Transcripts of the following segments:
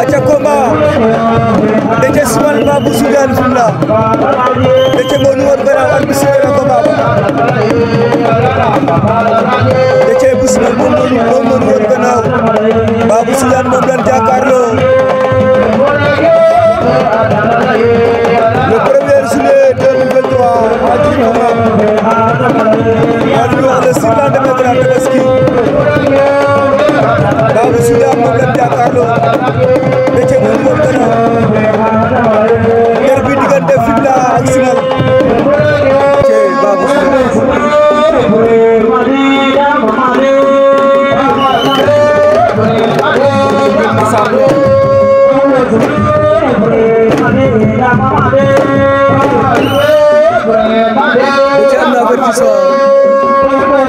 aca combat Déthié Simal ba bu Soudiane Fimela Déthié moo ñu woon gannaaw ak bisi wena combat ba Déthié bu Simal moom moo ñu moom moo ñu woon gannaaw ba bu Soudiane moom lan jàkkaarloo le premier juillet 2023 à Djirkoma maa ngi wax le surlan demee grand Tabaski ba bu Soudiane moom lan jàkkaarloo maximal babu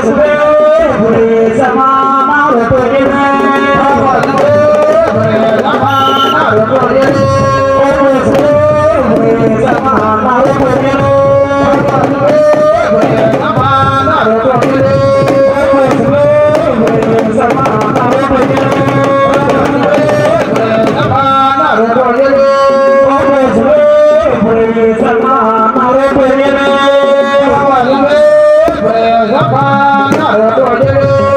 Thank you. ọ̀kan náà lọ́dọ̀